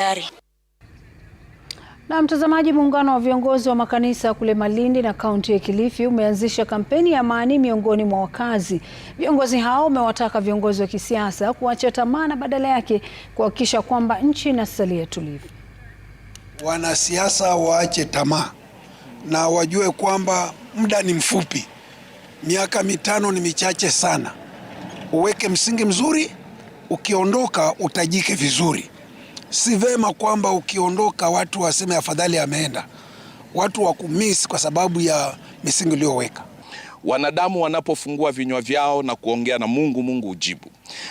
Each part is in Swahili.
tayari. Na mtazamaji, muungano wa viongozi wa makanisa kule Malindi na kaunti ya Kilifi umeanzisha kampeni ya amani miongoni mwa wakazi. Viongozi hao wamewataka viongozi wa kisiasa kuacha tamaa na badala yake kuhakikisha kwamba nchi inasalia tulivu. Wanasiasa waache tamaa na wajue kwamba muda ni mfupi, miaka mitano ni michache sana. Uweke msingi mzuri, ukiondoka utajike vizuri si vema kwamba ukiondoka watu waseme afadhali ameenda, watu wakumisi kwa sababu ya misingi uliyoweka. Wanadamu wanapofungua vinywa vyao na kuongea na Mungu, Mungu ujibu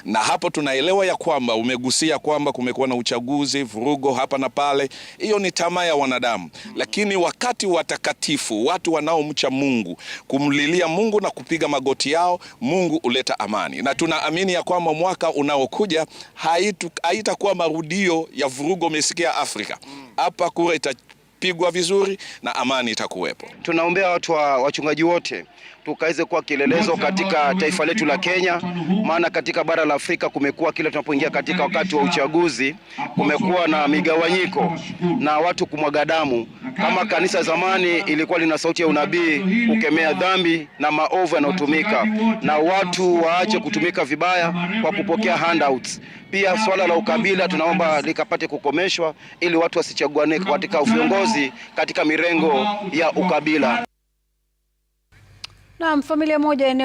Na hapo tunaelewa ya kwamba umegusia kwamba kumekuwa na uchaguzi, vurugo hapa na pale. Hiyo ni tamaa ya wanadamu, lakini wakati watakatifu, watu wanaomcha Mungu, kumlilia Mungu na kupiga magoti yao, Mungu uleta amani, na tunaamini ya kwamba mwaka unaokuja haitakuwa marudio ya vurugo umesikia Afrika hapa, kura ita itapigwa vizuri na amani itakuwepo. Tunaombea watu wa wachungaji wote tukaweze kuwa kielelezo katika taifa letu la Kenya, maana katika bara la Afrika kumekuwa kila tunapoingia katika wakati wa uchaguzi kumekuwa na migawanyiko na watu kumwaga damu. Kama kanisa zamani ilikuwa lina sauti ya unabii kukemea dhambi na maovu yanayotumika, na watu waache kutumika vibaya kwa kupokea handouts. Pia swala la ukabila tunaomba likapate kukomeshwa ili watu wasichaguane katika viongozi katika mirengo ya ukabila. Naam, familia moja eneo